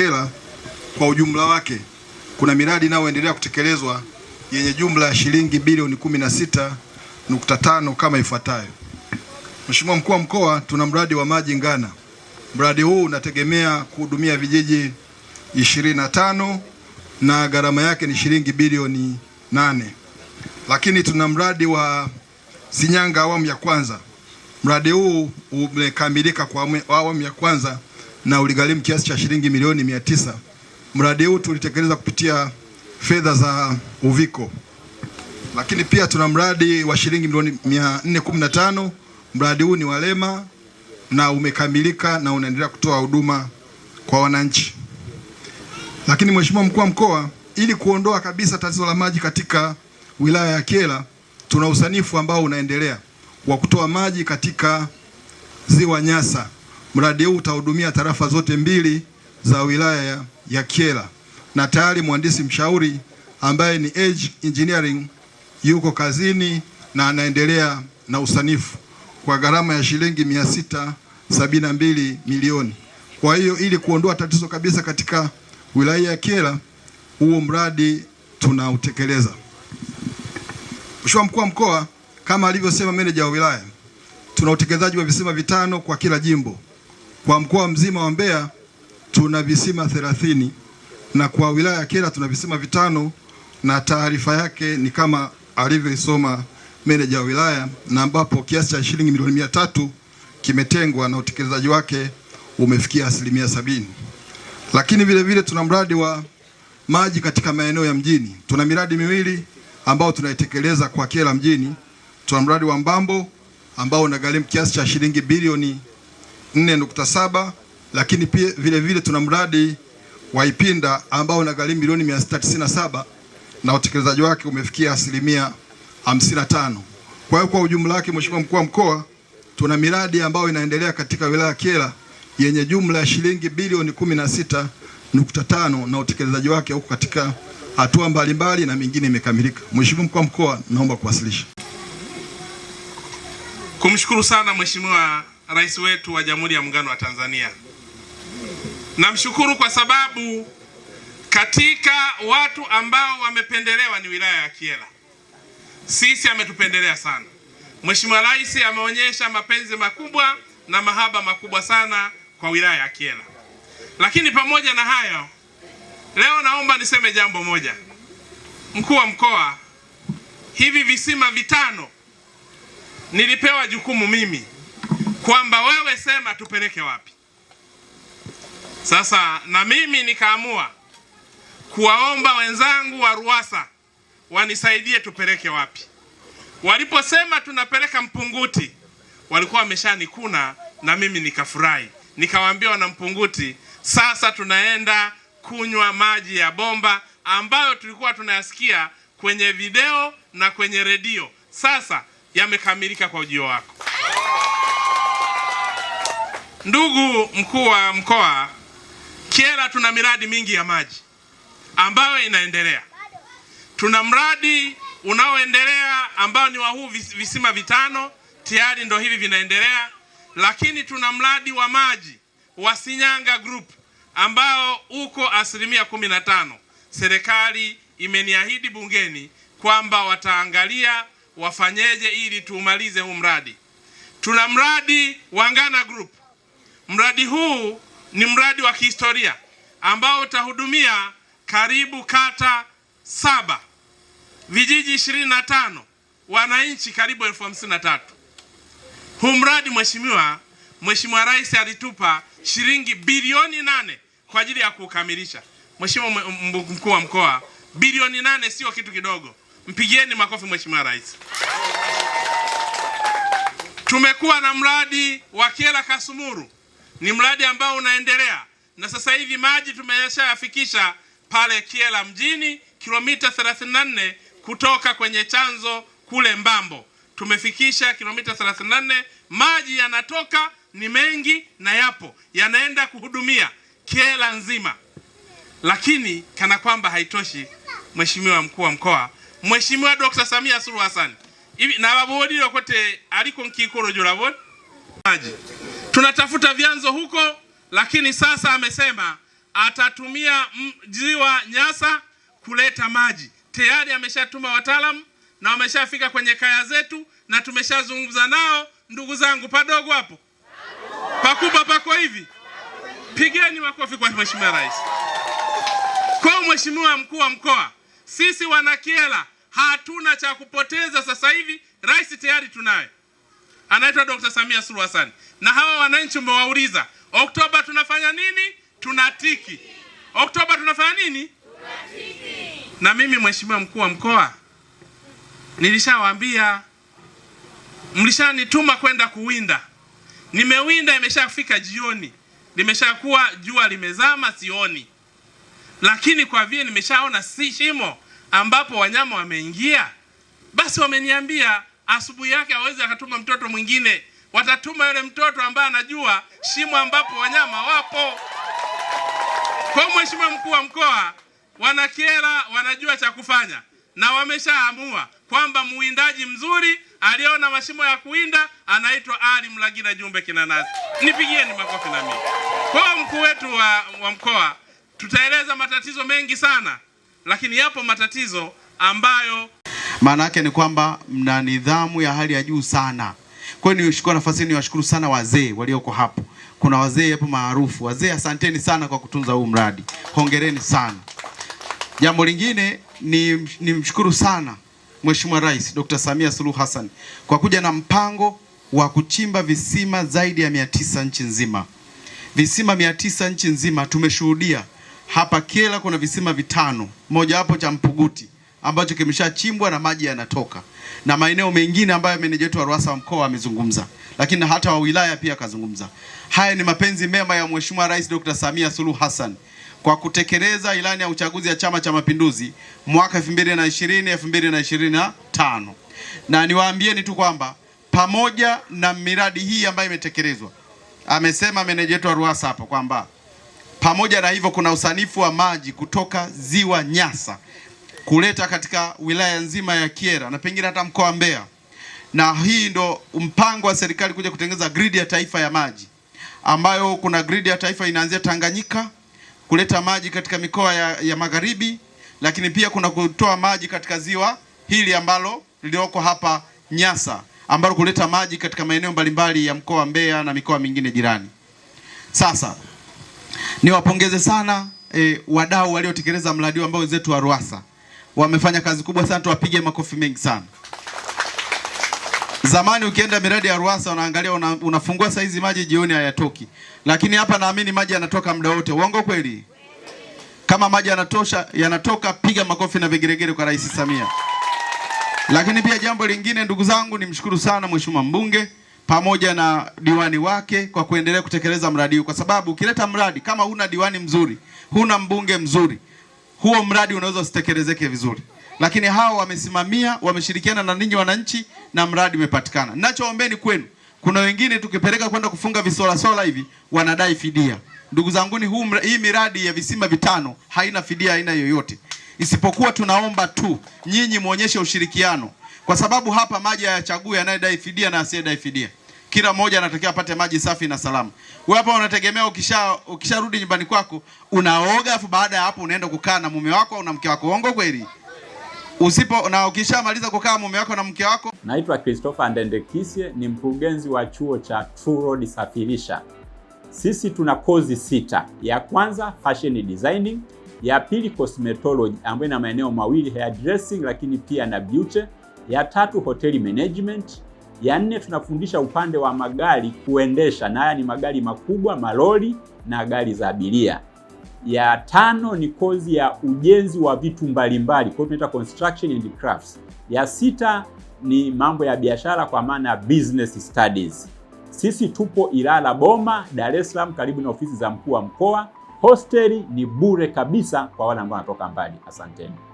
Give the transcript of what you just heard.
Kyela kwa ujumla wake kuna miradi inayoendelea kutekelezwa yenye jumla ya shilingi bilioni tano kama ifuatayo. Mheshimiwa Mkuu wa Mkoa, tuna mradi wa maji Ngana. Mradi huu unategemea kuhudumia vijiji 25 na gharama yake ni shilingi bilioni 8. Lakini tuna mradi wa sinyanga awamu ya kwanza. Mradi huu umekamilika kwa awamu ya kwanza na uligharimu kiasi cha shilingi milioni mia tisa. Mradi huu tulitekeleza kupitia fedha za Uviko, lakini pia tuna mradi wa shilingi milioni mia nne kumi na tano. Mradi huu ni walema na umekamilika na unaendelea kutoa huduma kwa wananchi. Lakini Mheshimiwa Mkuu wa Mkoa, ili kuondoa kabisa tatizo la maji katika wilaya ya Kyela, tuna usanifu ambao unaendelea wa kutoa maji katika ziwa Nyasa. Mradi huu utahudumia tarafa zote mbili za wilaya ya Kyela na tayari mhandisi mshauri ambaye ni Edge Engineering yuko kazini na anaendelea na usanifu kwa gharama ya shilingi mia sita sabini na mbili milioni. Kwa hiyo ili kuondoa tatizo kabisa katika wilaya ya Kyela, huo mradi tunautekeleza. Mheshimiwa mkuu wa mkoa, kama alivyosema meneja wa wilaya, tuna utekelezaji wa visima vitano kwa kila jimbo. Kwa mkoa mzima wa Mbeya tuna visima thelathini na kwa wilaya ya Kyela tuna visima vitano, na taarifa yake ni kama alivyoisoma meneja wa wilaya, na ambapo kiasi cha shilingi milioni mia tatu kimetengwa na utekelezaji wake umefikia asilimia sabini. Lakini vile vile tuna mradi wa maji katika maeneo ya mjini. Tuna miradi miwili ambao tunaitekeleza kwa Kyela mjini. Tuna mradi wa Mbambo ambao unagharimu kiasi cha shilingi bilioni 4.7, lakini pia vile vile tuna mradi wa Ipinda ambao una gharimu milioni 697 na utekelezaji wake umefikia asilimia 55. Kwa hiyo kwa ujumla wake, Mheshimiwa Mkuu wa Mkoa, tuna miradi ambayo inaendelea katika wilaya ya Kyela yenye jumla ya shilingi bilioni 16.5 na utekelezaji wake huko katika hatua mbalimbali na mingine imekamilika. Mheshimiwa Mkuu wa Mkoa, naomba kuwasilisha. Kumshukuru sana Mheshimiwa rais wetu wa Jamhuri ya Muungano wa Tanzania. Namshukuru kwa sababu katika watu ambao wamependelewa ni wilaya ya Kyela. Sisi ametupendelea sana. Mheshimiwa Rais ameonyesha mapenzi makubwa na mahaba makubwa sana kwa wilaya ya Kyela. Lakini pamoja na hayo, leo naomba niseme jambo moja. Mkuu wa mkoa, hivi visima vitano nilipewa jukumu mimi kwamba wewe sema tupeleke wapi. Sasa na mimi nikaamua kuwaomba wenzangu wa Ruwasa wanisaidie tupeleke wapi. Waliposema tunapeleka Mpunguti, walikuwa wameshanikuna na mimi nikafurahi, nikawaambia wana Mpunguti, sasa tunaenda kunywa maji ya bomba ambayo tulikuwa tunayasikia kwenye video na kwenye redio, sasa yamekamilika kwa ujio wako. Ndugu mkuu wa mkoa, Kyela tuna miradi mingi ya maji ambayo inaendelea. Tuna mradi unaoendelea ambao ni wa huu visima vitano tayari ndo hivi vinaendelea, lakini tuna mradi wa maji wa sinyanga Group ambao uko asilimia kumi na tano. Serikali imeniahidi bungeni kwamba wataangalia wafanyeje ili tuumalize huu mradi. Tuna mradi wa Ngana Group Mradi huu ni mradi wa kihistoria ambao utahudumia karibu kata saba, vijiji 25, wananchi karibu elfu hamsini na tatu. Huu mradi mheshimiwa, Mheshimiwa Rais alitupa shilingi bilioni nane kwa ajili ya kukamilisha. Mheshimiwa mkuu wa mkoa, bilioni nane sio kitu kidogo. Mpigieni makofi Mheshimiwa Rais. Tumekuwa na mradi wa Kyela Kasumuru ni mradi ambao unaendelea na sasa hivi maji tumeshayafikisha pale kiela mjini, kilomita 34 kutoka kwenye chanzo kule Mbambo tumefikisha kilomita 34. Maji yanatoka ni mengi na yapo yanaenda kuhudumia Kiela nzima, lakini kana kwamba haitoshi, Mheshimiwa mkuu wa mkoa, Mheshimiwa Dr. Samia Suluhu Hassan hivi na wodi lokote aliko nkikoro jola maji Tunatafuta vyanzo huko, lakini sasa amesema atatumia ziwa Nyasa kuleta maji. Tayari ameshatuma wataalamu na wameshafika kwenye kaya zetu na tumeshazungumza nao. Ndugu zangu, padogo hapo, pakubwa pako hivi. Pigeni makofi kwa Mheshimiwa Rais. Kwa Mheshimiwa Mkuu wa Mkoa, sisi wanakiela hatuna cha kupoteza sasa hivi, rais tayari tunaye anaitwa Dr. Samia Suluhu Hassan. Na hawa wananchi umewauliza, Oktoba tunafanya nini? Tunatiki. Oktoba tunafanya nini? Tunatiki. Na mimi mheshimiwa mkuu wa mkoa nilishawaambia, mlishanituma kwenda kuwinda, nimewinda, imeshafika jioni, limeshakuwa jua limezama, sioni, lakini kwa vile nimeshaona si shimo ambapo wanyama wameingia, basi wameniambia asubuhi yake aweze akatuma mtoto mwingine, watatuma yule mtoto ambaye anajua shimo ambapo wanyama wapo. Kwa Mheshimiwa Mkuu wa Mkoa, Wanakyela wanajua cha kufanya na wameshaamua kwamba muwindaji mzuri aliona mashimo ya kuwinda anaitwa Ali Mlagira Jumbe Kinanasi. Nipigieni makofi na mimi. Kwa mkuu wetu wa, wa mkoa tutaeleza matatizo mengi sana, lakini yapo matatizo ambayo maana yake ni kwamba mna nidhamu ya hali ya juu sana. Kwa hiyo nichukua nafasi hii niwashukuru sana wazee walioko hapo. Kuna wazee hapo maarufu. Wazee, asanteni sana kwa kutunza huu mradi, hongereni sana. Jambo lingine ni nimshukuru sana Mheshimiwa Rais Dr. Samia Suluhu Hassan kwa kuja na mpango wa kuchimba visima zaidi ya mia tisa nchi nzima. Visima mia tisa nchi nzima tumeshuhudia hapa Kyela kuna visima vitano, moja wapo cha Mpuguti ambacho kimeshachimbwa na maji yanatoka, na maeneo mengine ambayo meneja wetu wa RUWASA wa mkoa amezungumza, lakini hata wa wilaya pia akazungumza. Haya ni mapenzi mema ya Mheshimiwa Rais Dr. Samia Suluhu Hassan kwa kutekeleza ilani ya uchaguzi ya Chama cha Mapinduzi mwaka 2020 2025, na niwaambieni tu kwamba pamoja na miradi hii ambayo imetekelezwa, amesema meneja wetu wa RUWASA hapo kwamba pamoja na hivyo kuna usanifu wa maji kutoka ziwa Nyasa kuleta katika wilaya nzima ya Kyela na pengine hata mkoa wa Mbeya, na hii ndo mpango wa serikali kuja kutengeneza gridi ya taifa ya maji, ambayo kuna gridi ya taifa inaanzia Tanganyika kuleta maji katika mikoa ya, ya magharibi, lakini pia kuna kutoa maji katika ziwa hili ambalo lilioko hapa Nyasa, ambalo kuleta maji katika maeneo mbalimbali ya mkoa wa Mbeya na mikoa mingine jirani. Sasa niwapongeze sana e, wadau waliotekeleza mradi ambao wenzetu wa Ruasa wamefanya kazi kubwa sana, tuwapige makofi mengi sana. Zamani ukienda miradi ya Ruasa unaangalia una, unafungua saizi maji jioni hayatoki, lakini hapa naamini maji yanatoka muda wote. Uongo kweli? Kama maji yanatosha yanatoka, piga makofi na vigeregere kwa Rais Samia. Lakini pia jambo lingine, ndugu zangu, nimshukuru sana mheshimiwa mbunge pamoja na diwani wake kwa kuendelea kutekeleza mradi huu, kwa sababu ukileta mradi kama huna diwani mzuri, huna mbunge mzuri huo mradi unaweza usitekelezeke vizuri, lakini hawa wamesimamia, wameshirikiana na ninyi wananchi na mradi umepatikana. Ninachoombeni kwenu, kuna wengine tukipeleka kwenda kufunga visolasola hivi wanadai fidia. Ndugu zanguni, huu hii miradi ya visima vitano haina fidia aina yoyote, isipokuwa tunaomba tu nyinyi muonyeshe ushirikiano, kwa sababu hapa maji hayachagui anayedai fidia na asiyedai fidia kila mmoja anatakiwa apate maji safi na salama. Wewe hapa unategemea ukisha ukisharudi nyumbani kwako unaoga, afu baada ya hapo unaenda kukaa na mume wako au na mke wako. Uongo kweli? Usipo na ukishamaliza kukaa mume wako na mke wako. Naitwa Christopher Ndendekisye, ni mkurugenzi wa chuo cha True Road Safirisha. Sisi tuna kozi sita. Ya kwanza fashion designing, ya pili cosmetology ambayo ina maeneo mawili hairdressing, lakini pia na beauty. Ya tatu hotel management ya nne tunafundisha upande wa magari kuendesha, na haya ni magari makubwa, malori na gari za abiria. Ya tano ni kozi ya ujenzi wa vitu mbalimbali, kwa hiyo tunaita construction and crafts. Ya sita ni mambo ya biashara kwa maana business studies. Sisi tupo Ilala Boma, Dar es Salaam, karibu na ofisi za mkuu wa mkoa. Hosteli ni bure kabisa kwa wale ambao wanatoka mbali. Asanteni.